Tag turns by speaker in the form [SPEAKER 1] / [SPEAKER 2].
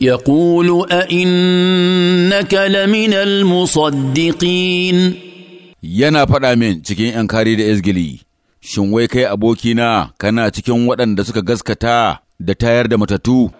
[SPEAKER 1] يقول أئنك لمن المصدقين yana faɗa min cikin yankari da izgili, shin wai kai abokina kana cikin waɗanda suka gaskata da tayar da matattu?